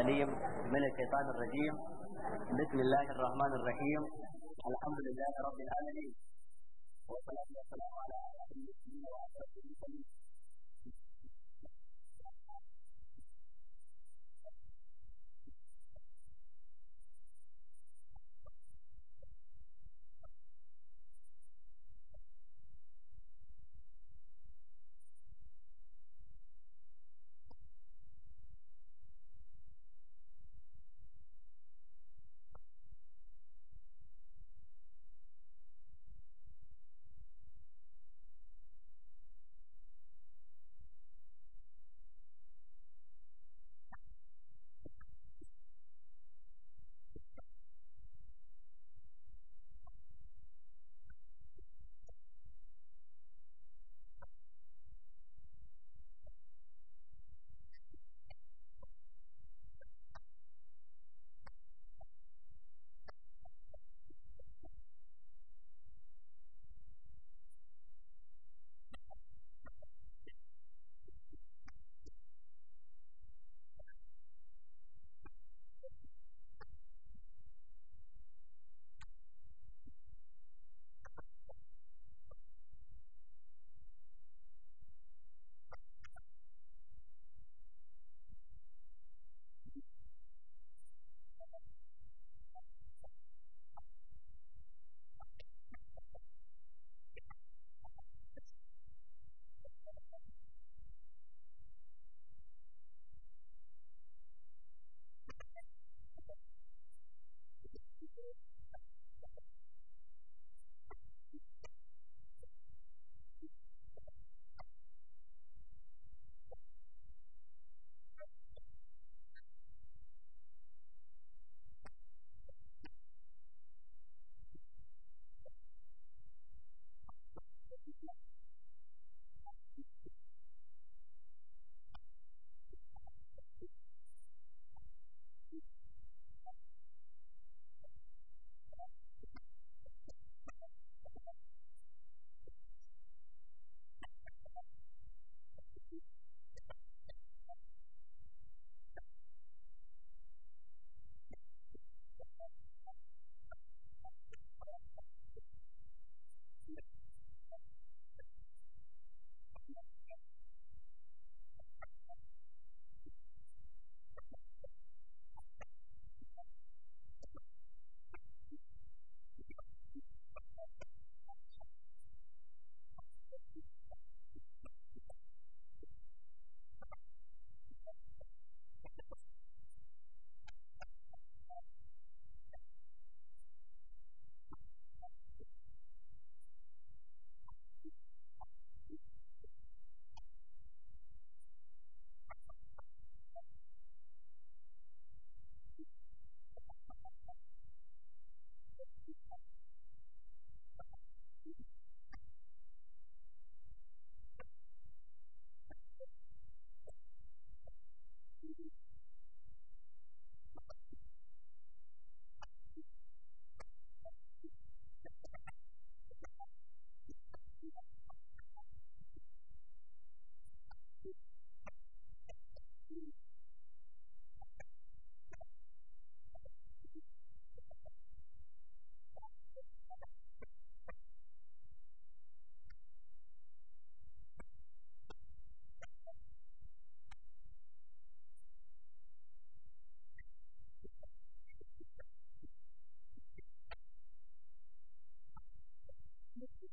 الأليم من الشيطان الرجيم بسم الله الرحمن الرحيم الحمد لله رب العالمين والصلاة والسلام على أهل المسلمين وعلى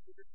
Spirit.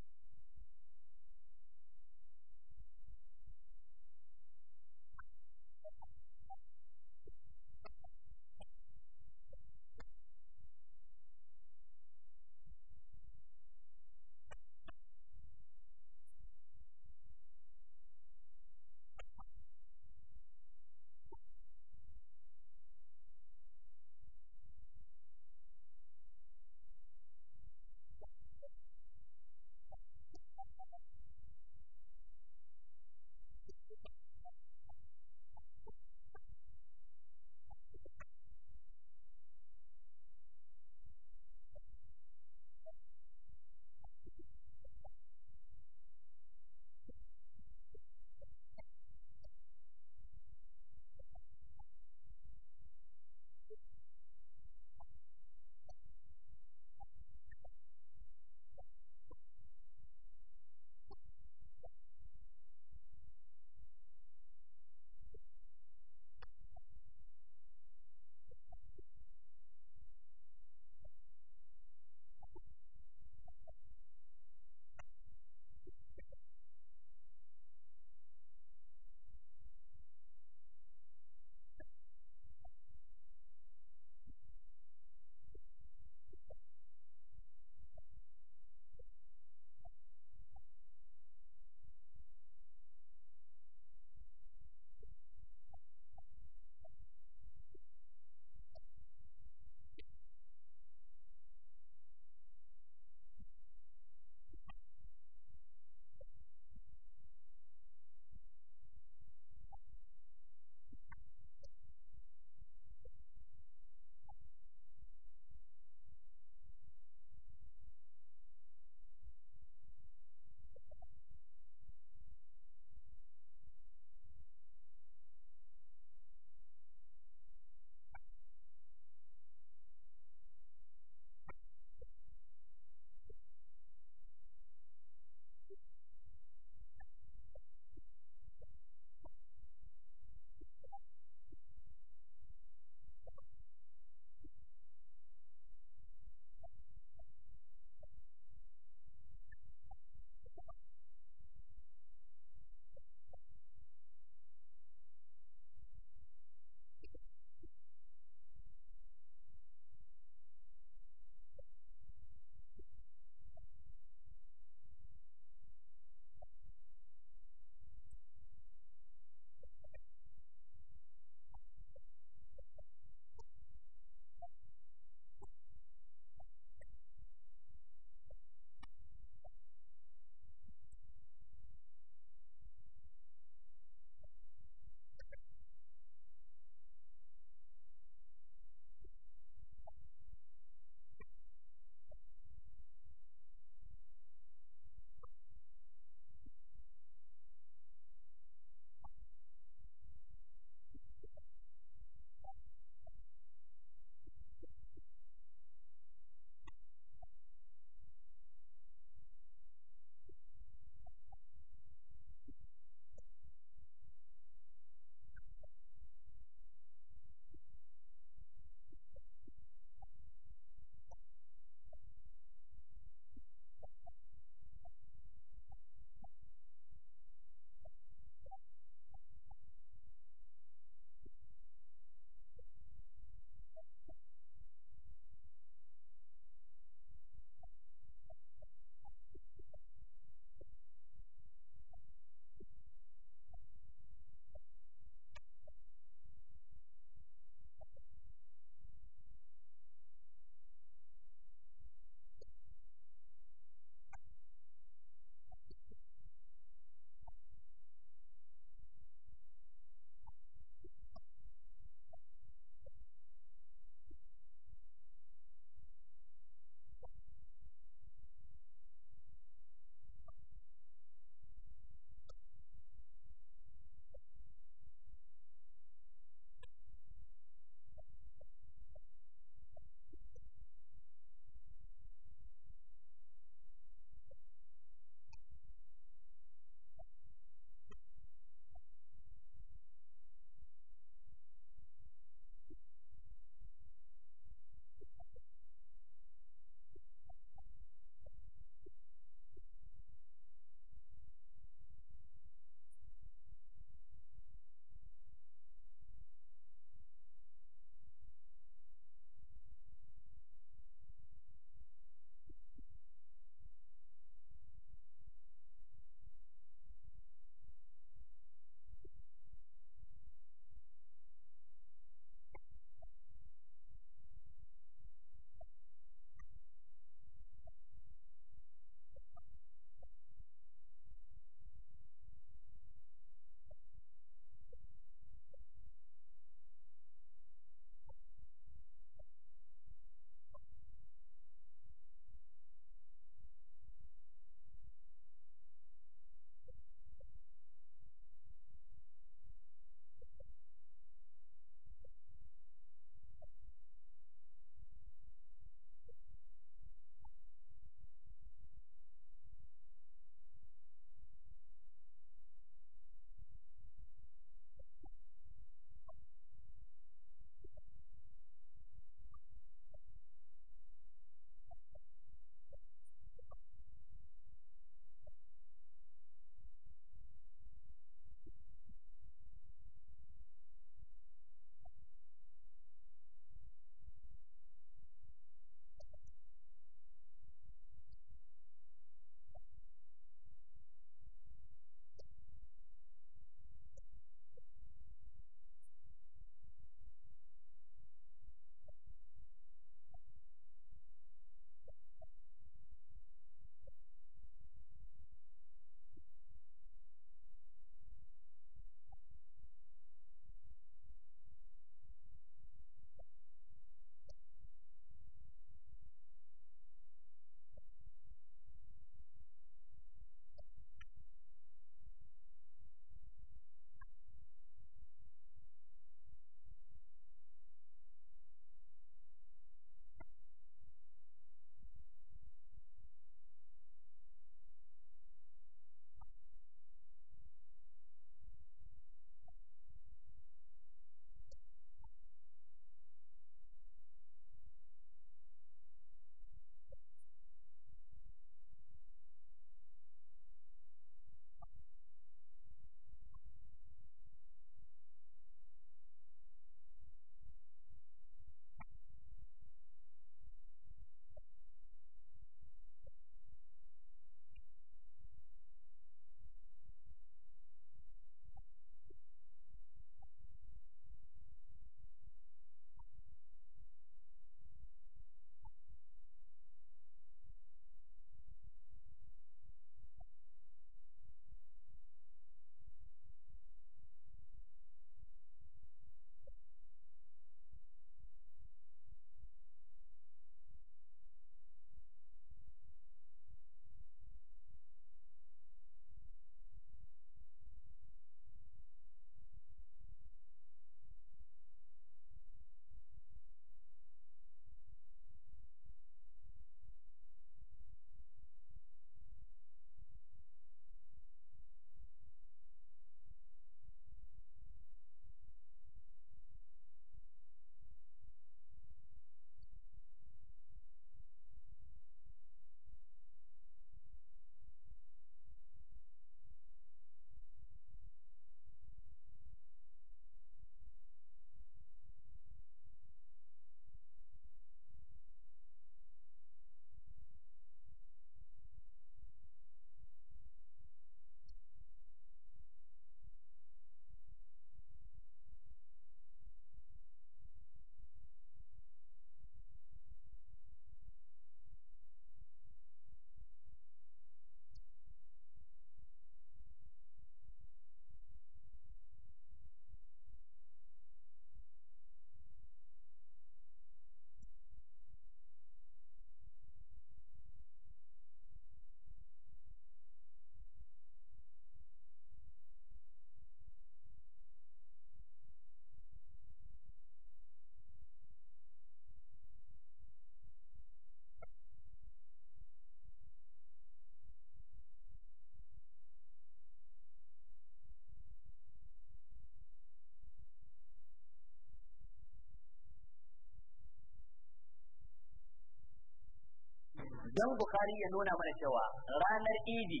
don bukari ya nuna mana cewa ranar idi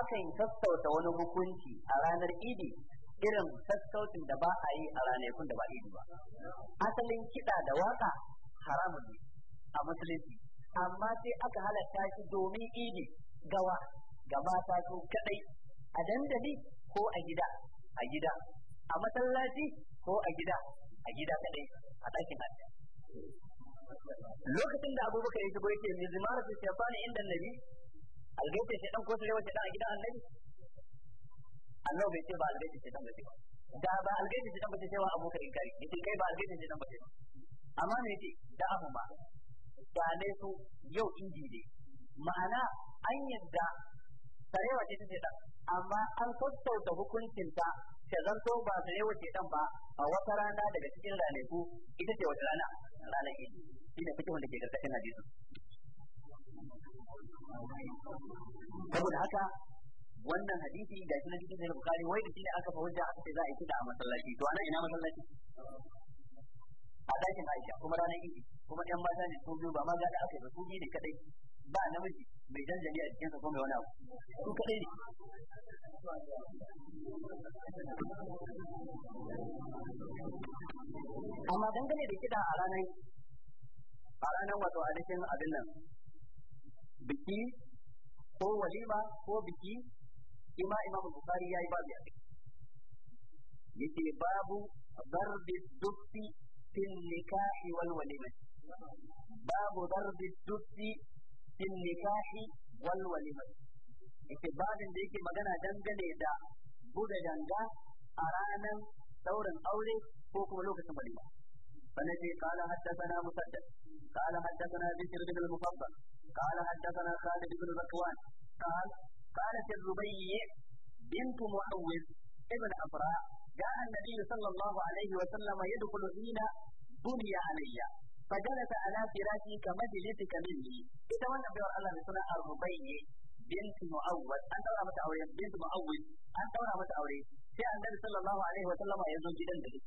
akan sassauta wani hukunci a ranar idi irin sassautin da ba a yi a ranakun da ba idi ba asalin kiɗa da waka haramun ne a musulunci amma sai aka halatta shi domin idi gawa ga mata su kadai a dandali ko a gida a gida a masallaci ko a gida a gida kadai a ɗakin hajji lokacin da abubakar ya shigo yake mai zimara su ne inda nabi shi dan ko su rewa shaidan a gidan annabi annabi bai ce ba algaitin shaidan ba ce da ba algaitin shaidan ba ce sai wa abubakar inkari yake kai ba algaitin shaidan ba ce amma me ce da abu ba da ne su yau inji ne ma'ana an yadda sarewa ce ta shaidan amma an sassauta hukuncinta ta zanto ba su yawa ce dan ba a wata rana daga cikin ranaku ita ce wata rana ranar idi shine kake wanda ke karkashin hadisi saboda haka wannan hadisi da shi na cikin da bukari wai da shi ne aka fa hujja aka ce za a yi kida a masallaci to ana ina masallaci a dakin Aisha kuma ranar idi kuma ɗan mata ne su biyu ba ma ga da aka yi su biyu ne kadai ba namiji bai janjali a cikinsa ko mai wani abu su kadai ne amma dangane da kiɗa a ranar a ranar wato a cikin abin nan biki ko walima ko biki ima imamu bukari ya yi babu ya yake babu darbi dukki fil nikahi wal walima babu darbi dukki bin nikahi wal walima yake babin da yake magana dangane da buga danga a ranar daurin aure ko kuma lokacin walima sannan ce kala haddasa musaddad kala haddasa na zikir da bil mufabba kala haddasa na kala da bil zakwan kala ta rubayye bint muawwid ibn afra ga annabi sallallahu alaihi wa sallam yadkhulu ina dunya alayya فجلس على فراشه كمجلس كمني إذا وانا بيور الله بسنة الربيع بنت مؤول أنت ولا متعوري بنت مؤول أنت ولا متعوري في النبي صلى الله عليه وسلم يزوج جدا ذلك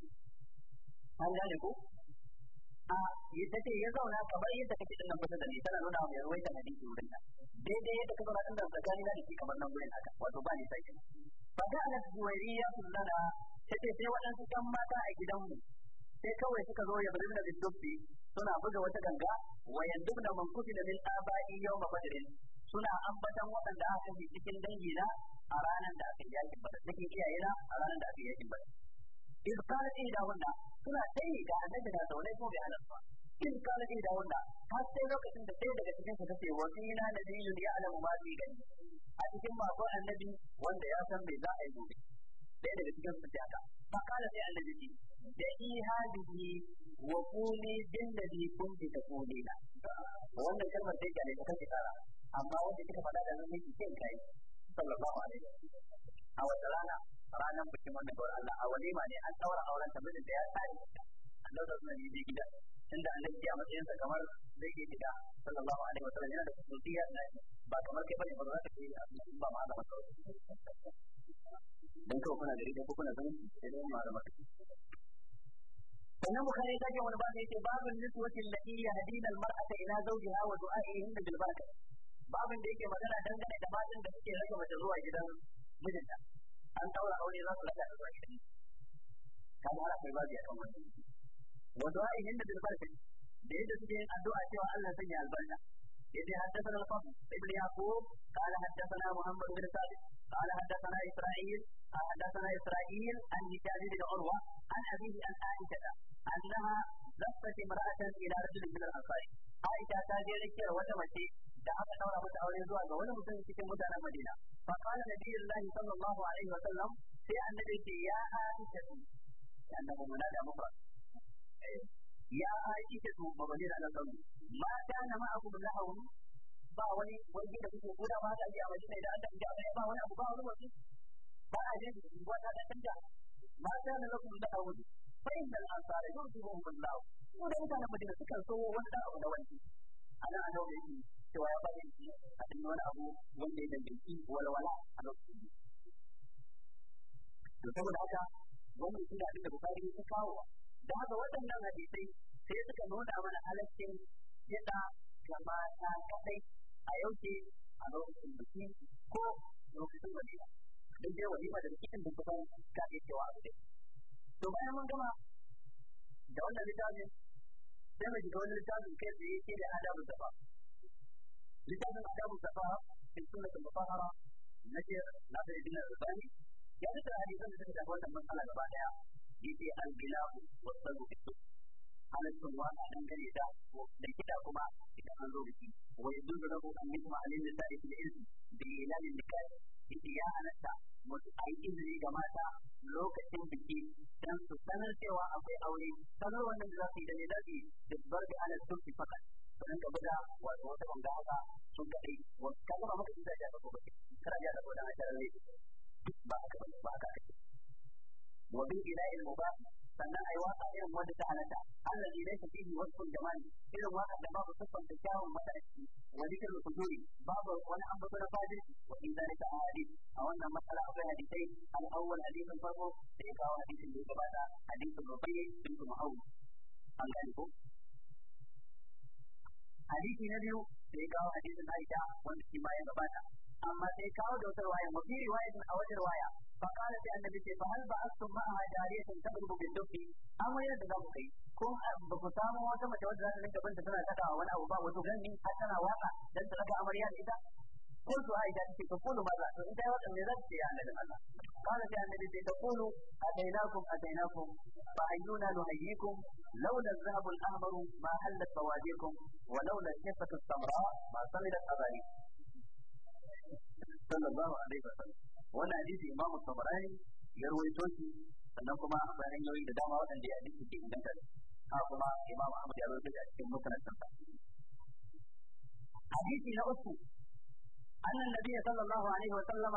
هل ذلك yace ya zauna kamar yadda kake din nan kusa da ni tana nuna na dinki wurin daidai yadda ka zauna din nan tsakani na dinki kamar nan gurin haka wato ba ni sai fa da alat juwariya kullana tace sai waɗansu kan mata a gidanmu sai kawai suka zo ya bari da dubbi suna buga wata ganga wa yandubna man kutila min aba'i yawma badrin suna ambatan waɗanda aka yi cikin dangina a ranar da aka yi bada badar cikin iyayena a ranar da aka yi yakin badar in kana ɗin da wanda suna tsaye ga annabi na zaune ko bai halarta in kana ɗin da wanda har sai lokacin da sai daga cikin su ta ce ina na nabiyun ya alamu ma bi gani a cikin masu annabi wanda ya san me za a yi gobe sai daga cikin su ta ta kana sai annabi da ihadihi wa kuni bin ladhi kunti taqulina wannan kalmar sai da ta kace tara amma wanda kika faɗa da nan yake kai kai sallallahu alaihi wasallam a wata rana ranan bikin wannan gawar Allah a walima ne an daura auren ta mijin da ya tsari Allah da sunan yi gida tunda annabi ya matsayin sa kamar zai yi gida sallallahu alaihi wasallam yana da kusurciya da ba kamar kai bane ba za ka yi ba ma da masarauta dan kawai kuna da ko kuna zama da malaman sannan bukhari ya ce wani bata yake babun niswatin lati ina almar'ata ila zawjiha wa du'a'ihin bil barakah babin da yake magana dangane da matan da suke rage mace zuwa gidan mijinta an daura aure za su rage ta zuwa gidan kamar mara kai babu ya kan wannan wa du'a'ihin bil barakah da yadda suke yin addu'a cewa Allah sanya albarka إذ حدثنا الفضل ابن يعقوب قال حدثنا محمد بن ثابت قال حدثنا إسرائيل قال حدثنا إسرائيل عن هشام بن عروة عن أبيه عن عائشة أنها لفت امرأة إلى رجل من الأنصار عائشة تاجر كير وتمشي da aka daura mata aure zuwa ga wani mutum cikin mutanen Madina fa qala nabiyullahi sallallahu alaihi wa sallam sai annabi ya aisha annabi mun da mufrad ya aisha to babane da Allah sallu ma kana ma abu lahu ba wani wani da kuke guda ma da ya wani da Allah ya wani ba wani abu ba wani wani ba a jin ba ta da canja ma kana lakum lahu fa innal ansar yurdibuhum Allah ko da mutanen Madina suka so wani da abu da wani ana da wani cewa ya bari shi a cikin wani abu wanda ya danganci walwala a lokacin da saboda haka da kawo da haka waɗannan hadisai sai suka nuna mana halaccin kiɗa ga mata kaɗai a yauke a lokacin biki ko lokacin walima duk dai walima da bikin da kusan ka iya cewa a dai to bayan mun gama da wannan littafin sai mu shiga wani littafin kai tsaye shi ne adabu safa littafin adabu safa fi sunnatul mutahhara na shekh nasir ibn ya duka hadisan da suka shafi wannan matsala gaba daya yake albilahu wa sabu bisu halittun da da kuma idan an zo biki wa an ilmi ilalin ya izini ga mata lokacin biki dan su sanar cewa akwai aure sanar wannan da su da ne da bar da wata banga haka sun kaga ba gobe ne ba ba wa bil ilahi a sannan ai waka irin wanda ta halatta allazi laysa fihi wasfun jamali irin waka da babu sifan da kyawun mataki wa dikir kuduri babu wani ambato na fadin wa in zalika ahadith a wannan matsala akwai hadisai al-awwal hadithin farko da ya kawo hadithin da ya gabata hadithin rubayyi bint mu'awwid an gane ko hadisi na biyu da ya kawo hadisin Aisha a فقالت يا النبي فهل بعثتم معها جارية تضرب بالدب أم يد ذوقي كم بكتام وكما توزع منك بنت سنة تقع وأنا أبا وتغني حتى أنا واقع لن تلقى أمريات إذا قلت هاي أنت تقول ماذا؟ أنت يا وطن يا عمل الله قالت يا النبي تقول أتيناكم أتيناكم فأيونا نهيكم لولا الذهب الأحمر ما حلت بواديكم ولولا الشفة السمراء ما صمدت أباريكم صلى الله عليه وسلم wannan hadisi imamu tabarani ya ruwaito shi sannan kuma akwai hanyoyi da dama waɗanda ya hadisi ke inganta da ha kuma imamu ahmad ya ruwaito shi a cikin musulunta hadisi na uku أن النبي صلى الله عليه وسلم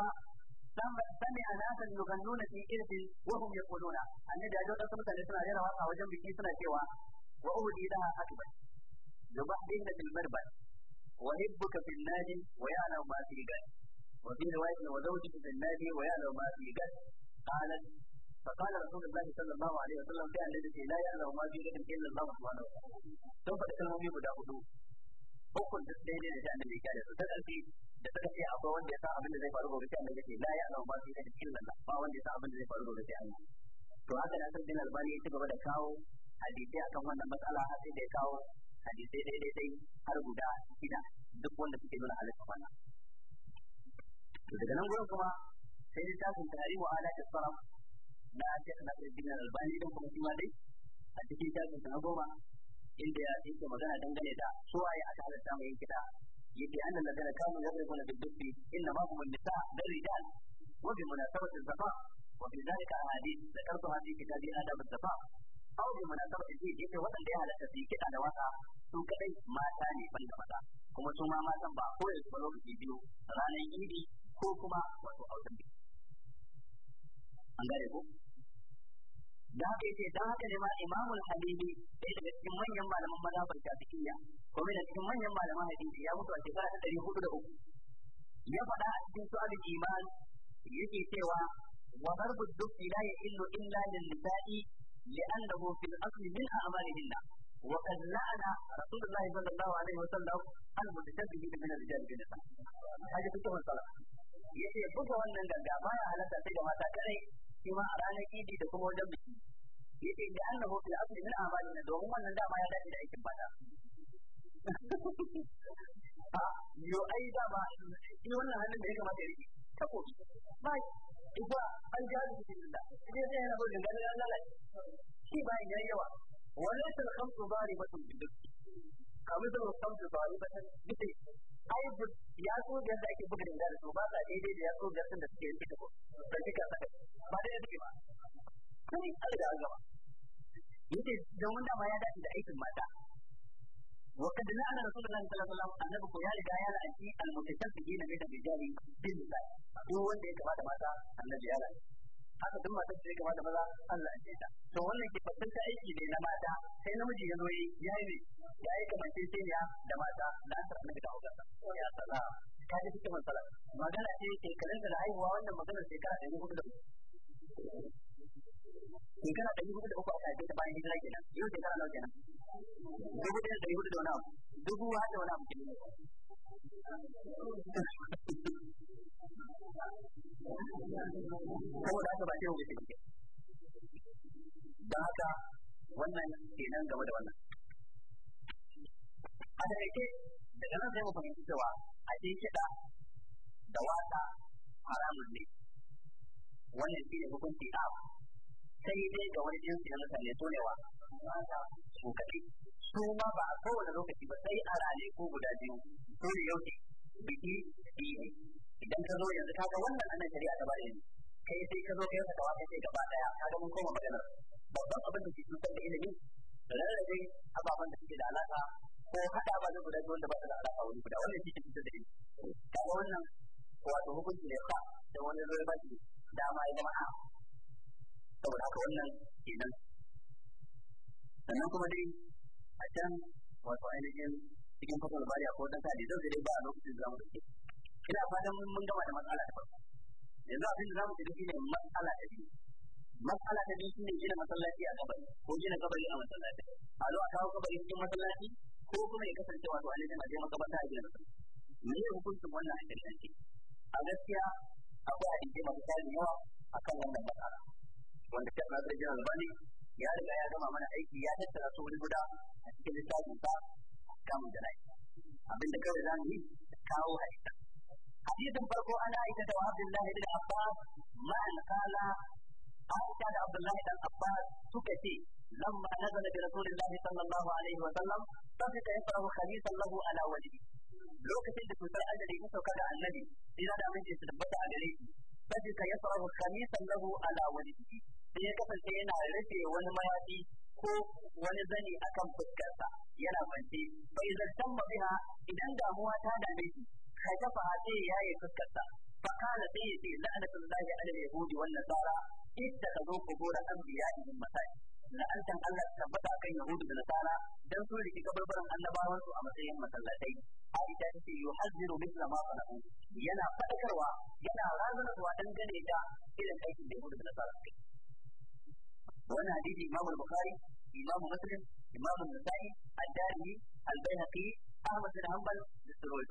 سمع ناسا يغنون في إرث وهم يقولون النبي أجل قسم سنة غير واقع وجنب في سوى وأهدي لها حكما يبحرين في المربد وهبك في النادي ويعلم ما في الجنة وفي رواية وزوجك في النادي ويعلم ما في جد قالت فقال رسول الله صلى الله عليه وسلم كان الذي لا يعلم ما في جد إلا الله سبحانه وتعالى ثم تكلموا يبدا هدوء hukun da sai ne da annabi ya da ta da ta akwai wanda ya sa abin da zai faru gobe sai da ya la ya alamu ba fi da illa ba wanda ya sa abin da zai faru gobe sai to haka da san albani ya ci gaba da kawo hadisi akan wannan matsala har sai da ya kawo hadisi dai har guda shida duk wanda suke nuna daga nan gurin kuma sai littafin tarihu ala da sarraf na ake na ɗin albani don kuma kima dai a cikin shafin na goma inda ya yake magana dangane da su waye aka halatta mai kiɗa yake an nan daga kanu ya bai kuna biddufi inna ma kuma nisa da rijal wa bi munasabati zafa wa bi zalika hadith da karto hadith kitabi adab zafa aw bi munasabati ji yake wadanda ya halatta su kiɗa da waka su kadai mata ne ban da kuma su ma matan ba ko da lokaci biyu ranar idi ko kuma wato auren biki an gane ko da haka yake da haka ne ma imamul halili ɗaya daga cikin manyan malaman mazhabar shafi'iyya ko mai da cikin manyan malaman hadisi ya mutu a shekara ta ɗari hudu da uku ya faɗa a cikin su'alul iman yake cewa wa darbu dukki la illu illa lil nisa'i li'annahu fil asli min a'malihinna wa qad la'ana rasulullahi sallallahu alaihi wa sallam al-mutashabbihi min ar-rijal bin nisa haje kuke masala yace buga wannan ganga ba ya halatta sai da mata kadai shi ma a ranar idi da kuma wajen biki yace da annahu fil asli min amalin domin wannan dama ya dace da aikin bada a ah, yo ai da ba shi wannan hannun da ya kamata ya rike tako ba ita an ji hadu cikin da sai sai yana gudun ganin an lalace shi ba ya yawa wannan sai kamsu bari batun bidda kamar da kamsu bari batun bidda ai ya so da yadda ake buga dinga da su ba sa daidai da ya so da da suke yanke da ko da suka saka ba da yake ba kun an da gaba yace da wanda ma ya dace da aikin mata wa kad la'ana rasulullahi sallallahu alaihi wasallam ya riga ya la'anci al-mutashabbihin min al-rijali bil-nisa duk wanda ya kama da mata annabi ya la'anci haka duk matar da ya gama da maza Allah ya ta to wannan ke ta aiki ne na mata sai namiji ya zo yi ya yi ya yi kamar kinciya da mata da an tafi da hauka ya sala ka ji cikin matsala magana ce ke karanta da haihuwa wannan magana ka da hudu da shekara da yi da uku a kai da bayan hijira kenan yau shekara nawa kenan dubu ɗaya da hudu da wani abu dubu har da wani abu kenan saboda haka ba shehu bai take da haka wannan kenan game da wannan a da daga nan sai mu fahimci cewa a ce kiɗa da wata haramun ne wannan shi ne hukunci a sai dai ga wani jinsi na mutane tonewa mata su kaɗai su ma ba a kowane lokaci ba sai a rane ko guda biyu ko da yau biki biyu idan ka zo yanzu kaga wannan annan shari'a ta bare ni kai sai ka zo kai ka kawo kai gaba daya kaga mun koma magana babban abin da ke cutar da ilimi rarrabe ababen da suke da alaka ko hada ba da guda biyu wanda ba da alaka wani guda wannan shi ke cutar da ilimi kaga wannan wato hukunci ne ba da wani zai ba shi dama ya zama a saboda haka wannan kenan sannan kuma dai a can wato ainihin cikin fasal bari ko dan sadi zai ba a lokacin zamu da ina fatan mun gama da matsala ta farko yanzu abin da zamu tafi shine matsala ta biyu matsala ta biyu shine gina masallaci a kabari ko gina kabari a masallaci a zo a kawo cikin masallaci ko kuma ya kasance wato ainihin a je makabarta a gina masallaci me ne hukuncin wannan a ake a gaskiya akwai hadisi masu tarin yawa akan wannan matsala wanda kan na zai gina albani ya riga ya gama mana aiki ya tattara su wani guda a cikin littafin sa kamun da rai abinda kawai za mu yi kawo hadisa hadisin farko ana aikata da abdullahi bin abbas ma'an kala aisha da abdullahi dan abbas suka ce lamma nazala bi rasulillahi sallallahu alaihi wa sallam sabita yafrahu khalisan lahu ala wajhi lokacin da cutar ajali ta sauka da annabi Ina da amince su tabbata a gare shi sabita yafrahu khalisan lahu ala wajhi sai ya kasance yana rufe wani mayafi ko wani zani akan fuskarsa yana kwance bai zartan mabiha idan damuwa ta dame shi kaitafa sai ya yi fuskarsa fakala sai ya ce la'anatun lahi alal yahudi wan nasara idda ta zo ku gora anbiya'ihim masai la'antan Allah ta tabbata kan yahudu da nasara dan sun riki kabarbaran annabawan su a matsayin masallatai Aisha ta ce yuhazziru mithla ma sana'u yana fadakarwa yana razanarwa dangane da irin aikin da yahudu da nasara suke وانا حديث امام البخاري امام مسلم امام النسائي الدارمي البيهقي احمد بن حنبل للسروي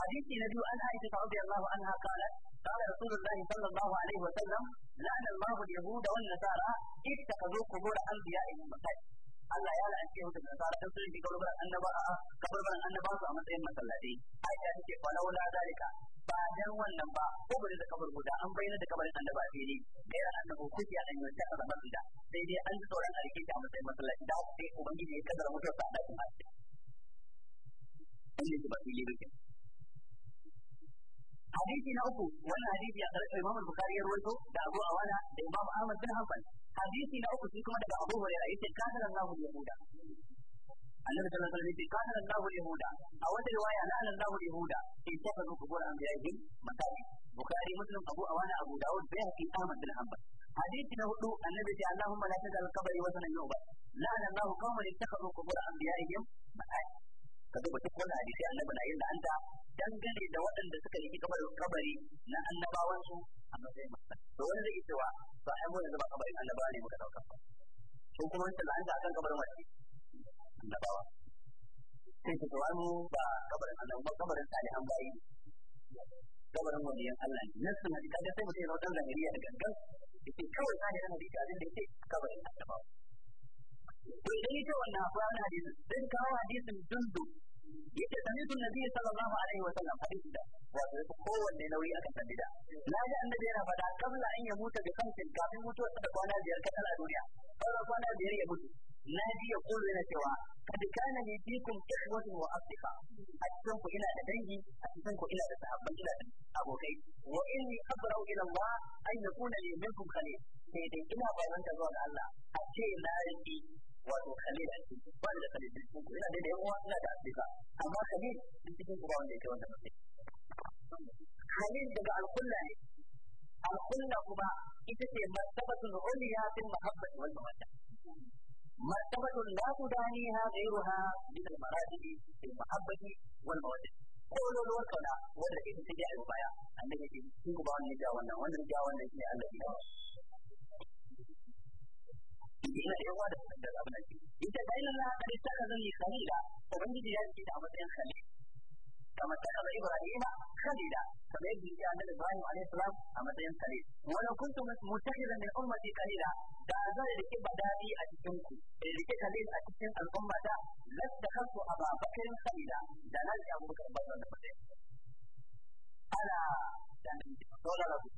حديث نبي عن عائشه رضي الله عنها قالت قال رسول الله صلى الله عليه وسلم لعن الله اليهود والنصارى اتخذوا قبور انبيائهم مساجد الله يا لعن اليهود والنصارى nasara في sun النبي rubar النبي صلى الله عليه وسلم a ذلك ولولا ذلك ba dan wannan ba ko bari da kabar guda an bayyana da kabarin annaba a fili da ya annabi kuke a dan yanta kaza ban da sai dai an ji tsoron alƙi ta masa masallaci da haka sai ubangiji ya kaddara mutuwa ta da kuma shi inda ba ne bane hadisi na uku wannan hadisi ya karɓa imamu bukari ya ruwaito da Abu a wana da imamu Ahmad bin Hanbal hadisi na uku shi kuma daga Abu Hurairah yace kana Allahu yahuda annabi sallallahu alaihi wasallam kana Allahu yahuda a wata riwaya la'ana Allahu yahuda in ta kazo kubur anbiya'ihim makani bukhari muslim abu awana abu daud bayhaqi ahmad bin hanbal na hudu annabi ce Allahumma la tajal qabri wa sanan yuba la'ana Allahu qauman ittakhadhu qubur anbiya'ihim makani ka duba duk wannan hadisi annabi na yin la'anta dangane da waɗanda suka yi kabari na annabawansu a matsayin masana to wanda zai cewa ba ai mu kabarin annabawa ne muka kabarin annabawa sai ka tawani ba kabarin annabawa ba kabarin salihan bayi kabarin waliyan Allah ne nan sun hadita da sai mutum ya zama zahiriya da gangan yake kawai sani dan hadita abin da yake kabarin annabawa to idan ita wannan akwai wani hadisi sai ka kawo hadisin dundu yake sami sun nabi sallallahu alaihi wa sallam hadisi da wato yake kowanne nauyi akan san na ji annabi yana faɗa kabla an ya mutu da kansa kafin mutuwar sa da kwana biyar ka tana duniya kwana biyar ya mutu na ji ya kullu yana cewa kad kana li fikum ikhwatun wa asdiqa a cikin ku ina da dangi a cikin ku ina da sahabban ina da abokai wa inni abra'u ila Allah an yakuna li minkum khalil sai dai ina bayan ta zuwa ga Allah a ce na yi wato khalil a cikin ba da khalil cikin ku ina da yan uwa ina da asdiqa amma khalil cikin ku ba wanda yake wanda mutum khalil daga alkulla ne alkulla kuma ita ce martabatul uliya fil mahabbati wal mawaddah مرتبة لا تدانيها غيرها من المراتب بالمحبة والمودة قولوا الوكلة ولا كيف تجاه البيع أنك تكون بعض نجاونا وانا نجاونا إلى أن نجاونا ina da yawa da abin da ita bayan Allah ta tsara zan yi khalila ubangiji ya ce da matsayin khalil كما اتخذ ابراهيم خليلا كما يجري في عند ابراهيم عليه السلام كما تين خليل ولو كنت متخذا من امتي خليلا da zan rike badani a cikin ku in rike kalil a cikin al'umma ta lattakhatu aba bakrin khalila da nan ya abu bakar bazan da fadai ala da nan dole rabu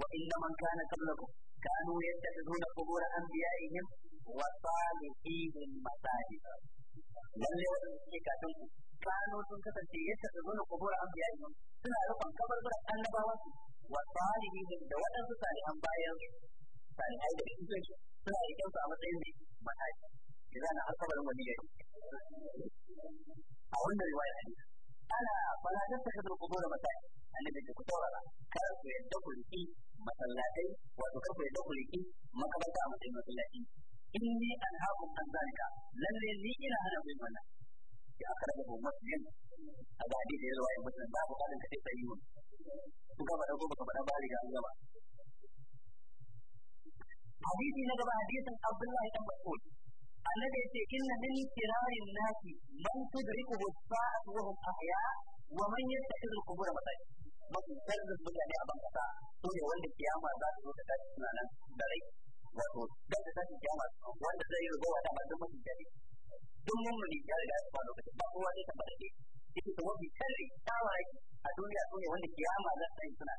wa inna man kana qablakum kanu yattakhizuna qubur anbiya'ihim wa salihihim masajid lalle wanda suke kafin ku gano sun kasance yadda da zuwa kubur an biya yi suna rufan kabarburan annabawan su wa salihi da waɗansu salihan bayan su salihai da cikin su suna rikin su a matsayin da matashi da zana har kabarin wani yadda. a wannan riwaya ne ana fara ta kasar kubur matashi annabi da ku saurara kar ku yadda ku riki masallatai wato kar ku yadda ku riki makabarta a matsayin masallaci in ni an haƙun an zalika lalle ni ina hana wannan ya aka daga bin muslim a ga da yawa muslim ba bukatar ka sai sai yi kuka ba dago baka faɗa ba riga an gaba hadisi na gaba hadisin abdullahi dan mas'ud annabi yace inna min kirarin nasi man tudrikuhu as wa hum ahya wa man yattakhidhu al-qubur masajid mafi sharrin mutane a ban kasa so ne wanda kiyama za ta zo ta tashi suna da rai wato dan ta tashi kiyama wanda zai yi rubuwa da mutum da rai duk mummuni ya riga ya ba lokacin ba kowa zai taba da ke yake da mafi kalli tawaye a duniya su ne wanda kiyama za ta yi suna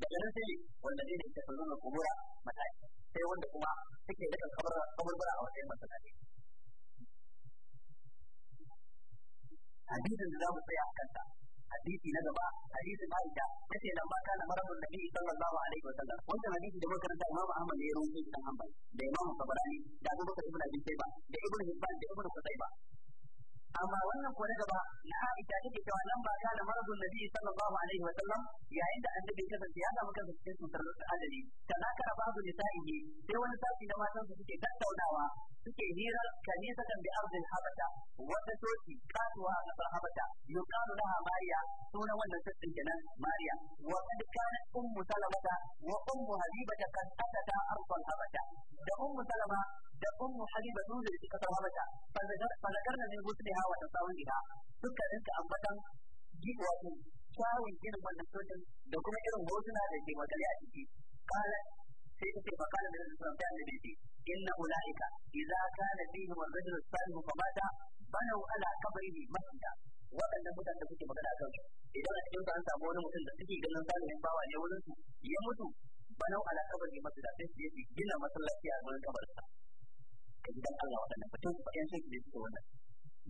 daga nan sai wanda ne da tafi zuwa kubura mataki sai wanda kuma suke da kabar kaburbura a wajen masallaci hadisin da za mu tsaya a kanta hadisi na gaba hadisin Aisha tace nan ba kana marabun nabi sallallahu alaihi wasallam wannan hadisi da muka karanta Imam Ahmad ne ya rawaito shi kan da Imam Tabarani da Abu Bakar ibn Abi Shayba da Ibn Hibban da Ibn Qutayba amma wannan ko na gaba na Aisha take cewa nan ba ta da marzun Nabi sallallahu alaihi wa sallam yayin da annabi ya kasance ya samu kansa cikin da adali kana kana babu nisa'i sai wani sashi na matan su suke tattaunawa suke hira kanisa kan bi arzin habata wata soki kasuwa a kasar habata yuqalu laha mariya sunan wannan sassin kenan mariya wa qad kanat ummu salamata wa ummu habibata qad atata arfan habata da ummu salama da ummu habiba sun da ita kasar habasha fadakar da ne musulha wa ta sawiha dukkanin ta ambatan jiwa ko kyawun irin wannan sunan da kuma irin hotuna da ke magana a ciki kala sai ta ce ba bakala da rasul sallallahu alaihi wasallam inna ulaika idza kana fihim ar-rajulu salihu famata banau ala qabrihi masjida waɗannan mutane da kuke magana a kansu idan a cikin an samu wani mutum da suke ganin zalimin bawa ne wurin su ya mutu banau ala qabrihi masjida sai su gina masallaci a wurin kabarinsa a gidan Allah waɗanda ba tun bayan sai da suke wannan